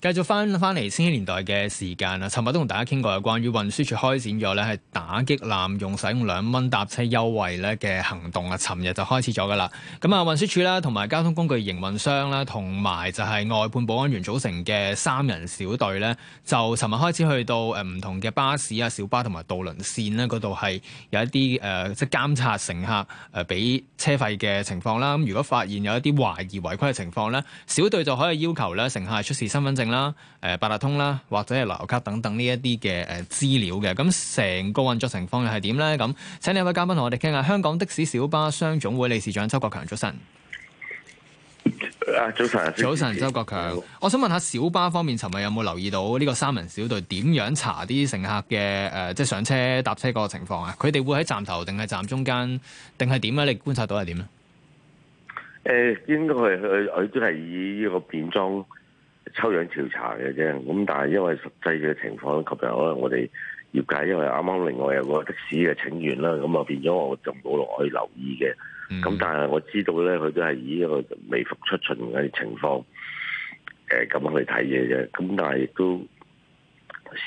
繼續翻翻嚟先，千禧年代嘅時間啊！尋日都同大家傾過，有關於運輸署開展咗咧係打擊濫用使用兩蚊搭車優惠咧嘅行動啊！尋日就開始咗噶啦，咁啊運輸署啦，同埋交通工具營運商啦，同埋就係外判保安員組成嘅三人小隊咧，就尋日開始去到唔同嘅巴士啊、小巴同埋渡輪線呢嗰度係有一啲即係監察乘客誒俾車費嘅情況啦。咁如果發現有一啲懷疑違規嘅情況咧，小隊就可以要求咧乘客出示身份證。啦、呃，誒八達通啦，或者係來來卡等等呢一啲嘅誒資料嘅，咁成個運作情況又係點呢？咁請兩位嘉賓同我哋傾下。香港的士小巴商總會理事長周國強，早晨。啊，早晨，早晨，周國強。我想問下小巴方面，尋日有冇留意到呢個三人小隊點樣查啲乘客嘅誒、呃，即係上車搭車個情況啊？佢哋會喺站頭定係站中間，定係點咧？你觀察到係點咧？誒、呃，應該係佢佢都係以呢個便裝。抽樣調查嘅啫，咁但係因為實際嘅情況，今日可能我哋業界因為啱啱另外有個的士嘅請願啦，咁啊變咗我就冇落去留意嘅。咁、嗯、但係我知道咧，佢都係以一個未復出巡嘅情況，誒咁去睇嘢嘅。咁但係亦都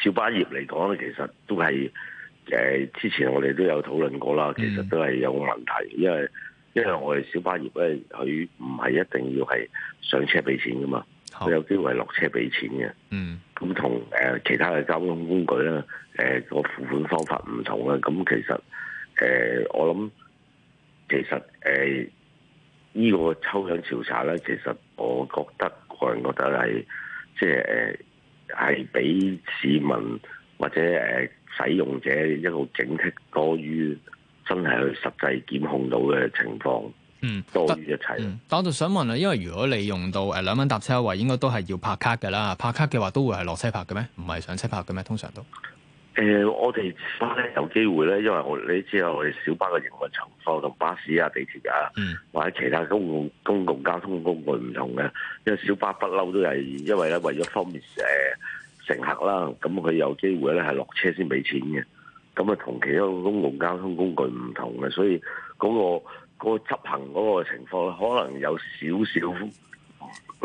小巴業嚟講咧，其實都係誒、呃、之前我哋都有討論過啦，其實都係有問題，因為因為我哋小巴業咧，佢唔係一定要係上車俾錢噶嘛。佢、oh. 有機會落車俾錢嘅，咁同誒其他嘅交通工具咧，誒個付款方法唔同嘅，咁其實誒我諗，其實誒呢、呢個抽樣調查咧，其實我覺得個人覺得係即係誒係俾市民或者誒使用者一個警惕多，多於真係去實際檢控到嘅情況。嗯，得嗯，但我就想問啊，因為如果你用到誒兩蚊搭車位，應該都係要拍卡嘅啦。拍卡嘅話都會係落車拍嘅咩？唔係上車拍嘅咩？通常都誒，我哋小巴咧有機會咧，因為我你知道我哋小巴嘅營運情況同巴士啊、地鐵啊，或者其他公共公共交通工具唔同嘅，因為小巴不嬲都係因為咧為咗方便誒乘客啦，咁佢有機會咧係落車先俾錢嘅，咁啊同其他公共交通工具唔同嘅，所以嗰個。個執行嗰個情況可能有少少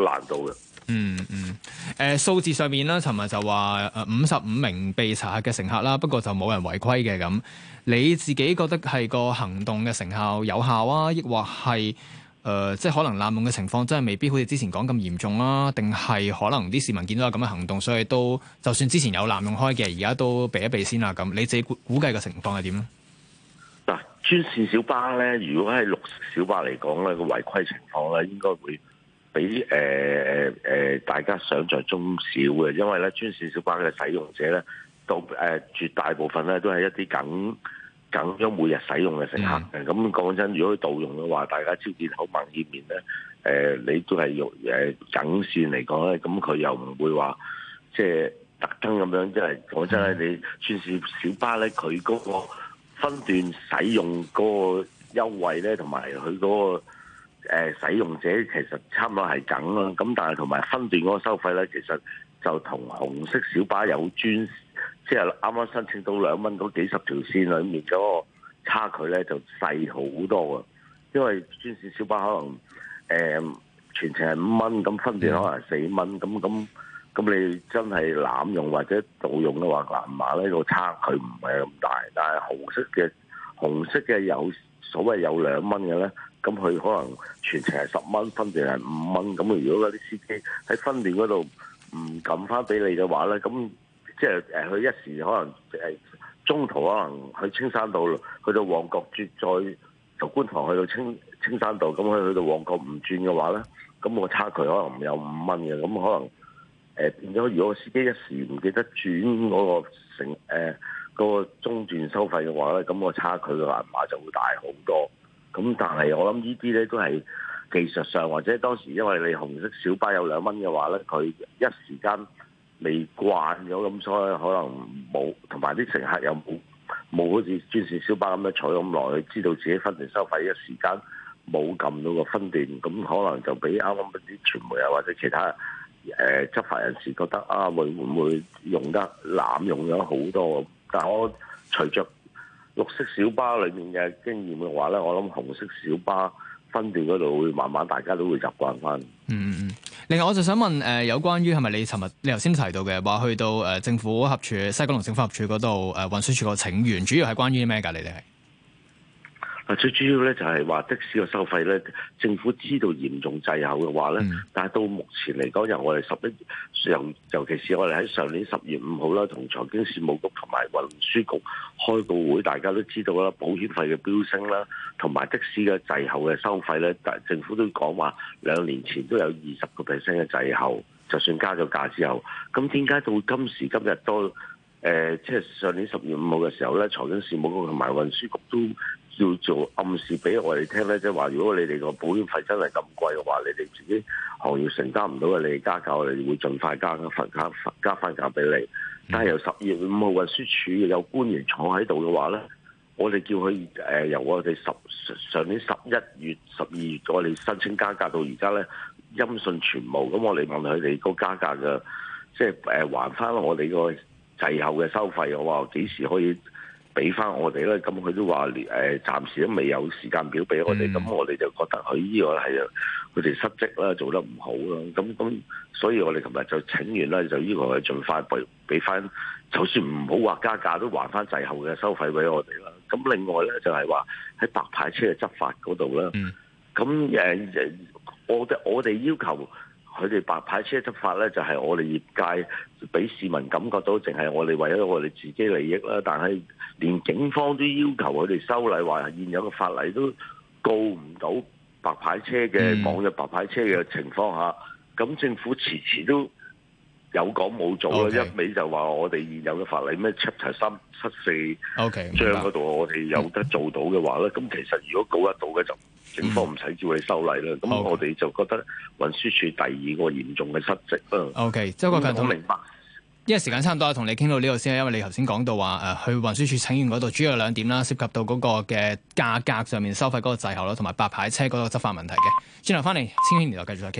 難度嘅、嗯。嗯嗯，誒、呃、數字上面啦，尋日就話誒五十五名被查核嘅乘客啦，不過就冇人違規嘅，咁。你自己覺得係個行動嘅成效有效啊，亦或係誒、呃、即係可能濫用嘅情況，真係未必好似之前講咁嚴重啦？定係可能啲市民見到有咁嘅行動，所以都就算之前有濫用開嘅，而家都避一避先啦。咁你自己估估計嘅情況係點咧？專線小巴咧，如果係綠色小巴嚟講咧，個違規情況咧，應該會比誒誒、呃呃、大家想象中小嘅，因為咧，專線小巴嘅使用者咧，當誒、呃、絕大部分咧都係一啲梗緊咗每日使用嘅乘客嘅，咁講、嗯、真，如果佢盜用嘅話，大家超支好明顯咧，誒、呃、你都係用誒緊線嚟講咧，咁佢又唔會話即係特登咁樣，即係講真咧，你專線小巴咧，佢嗰、那個。分段使用嗰個優惠咧，同埋佢嗰個使用者其實差唔多係梗啦。咁但係同埋分段嗰個收費咧，其實就同紅色小巴有專線即係啱啱申請到兩蚊嗰幾十條線裡面嗰、嗰個差距咧就細好多啊。因為專線小巴可能誒、呃、全程係五蚊，咁分段可能係四蚊，咁、yeah. 咁。咁你真係濫用或者盜用嘅話，藍碼咧度差距唔係咁大，但係紅色嘅紅色嘅有所謂有兩蚊嘅咧，咁佢可能全程係十蚊，分別係五蚊，咁如果嗰啲司機喺分段嗰度唔撳翻俾你嘅話咧，咁即係誒佢一時可能誒中途可能去青山道，去到旺角轉再由觀塘去到青青山道，咁佢去到旺角唔轉嘅話咧，咁個差距可能有五蚊嘅，咁可能。誒、呃、變咗，如果司機一時唔記得轉嗰個成誒、呃嗰個、中段收費嘅話咧，咁、那個差距嘅話就會大好多。咁但係我諗呢啲咧都係技術上，或者當時因為你紅色小巴有兩蚊嘅話咧，佢一時間未慣咗咁，所以可能冇同埋啲乘客又冇冇好似專線小巴咁樣坐咁耐，知道自己分段收費，一時間冇撳到個分段，咁可能就俾啱啱啲傳媒啊或者其他。誒、呃、執法人士覺得啊，會唔會用得濫用咗好多？但係我隨着綠色小巴裡面嘅經驗嘅話咧，我諗紅色小巴分段嗰度會慢慢大家都會習慣翻。嗯嗯嗯。另外我就想問誒、呃，有關於係咪你尋日你頭先提到嘅話，去到誒、呃、政府合署西九龍政府合署嗰度，誒運輸署個請願，主要係關於咩㗎？你哋係？最主要咧就係話的士嘅收費咧，政府知道嚴重滯後嘅話咧、嗯，但係到目前嚟講，由我哋十一由尤其是我哋喺上年十月五號啦，同財經事務局同埋運輸局開個會，大家都知道啦，保險費嘅飆升啦，同埋的士嘅滯後嘅收費咧，但政府都講話兩年前都有二十個 percent 嘅滯後，就算加咗價之後，咁點解到今時今日都誒，即、呃、係、就是、上年十月五號嘅時候咧，財經事務局同埋運輸局都。要做暗示俾我哋聽咧，即係話如果你哋個保險費真係咁貴嘅話，你哋自己行業承擔唔到嘅，你哋加價，我哋會盡快加，加，加價加加翻價俾你。但係由十二月五號運輸署有官員坐喺度嘅話咧，我哋叫佢誒、呃、由我哋十上年十一月十二月我哋申請加價到而家咧，音訊全無。咁我哋問佢哋個加價嘅即係誒還翻我哋個滯後嘅收費的，我話幾時可以？俾翻我哋咧，咁佢都話誒，暫時都未有時間表俾我哋，咁、嗯、我哋就覺得佢呢個係佢哋失職啦，做得唔好啦，咁咁，所以我哋尋日就請完咧，就呢個係盡快俾返、俾翻，就算唔好話加價，都還翻滯後嘅收費俾我哋啦。咁另外咧就係話喺白牌車嘅執法嗰度啦，咁我哋我哋要求。佢哋白牌車執法咧，就係我哋業界俾市民感覺到，淨係我哋為咗我哋自己利益啦。但係連警方都要求佢哋修例，話現有嘅法例都告唔到白牌車嘅，網約白牌車嘅情況下，咁、嗯、政府遲遲都有講冇做啦。Okay, 一味就話我哋現有嘅法例咩七七三七四章嗰度，3, 7, 4, okay, 我哋有得做到嘅話咧，咁、嗯、其實如果告得到嘅就。警方唔使照你修例啦，咁我哋就覺得運輸署第二個嚴重嘅失職啊。O、okay. 嗯、K.，、okay. 周國強，我明白，因為時間差唔多同你傾到呢度先啊。因為你頭先講到話誒、呃，去運輸署請願嗰度，主要有兩點啦，涉及到嗰個嘅價格上面收費嗰個滯後啦，同埋白牌車嗰個執法問題嘅。轉頭翻嚟，千禧年代繼續再傾。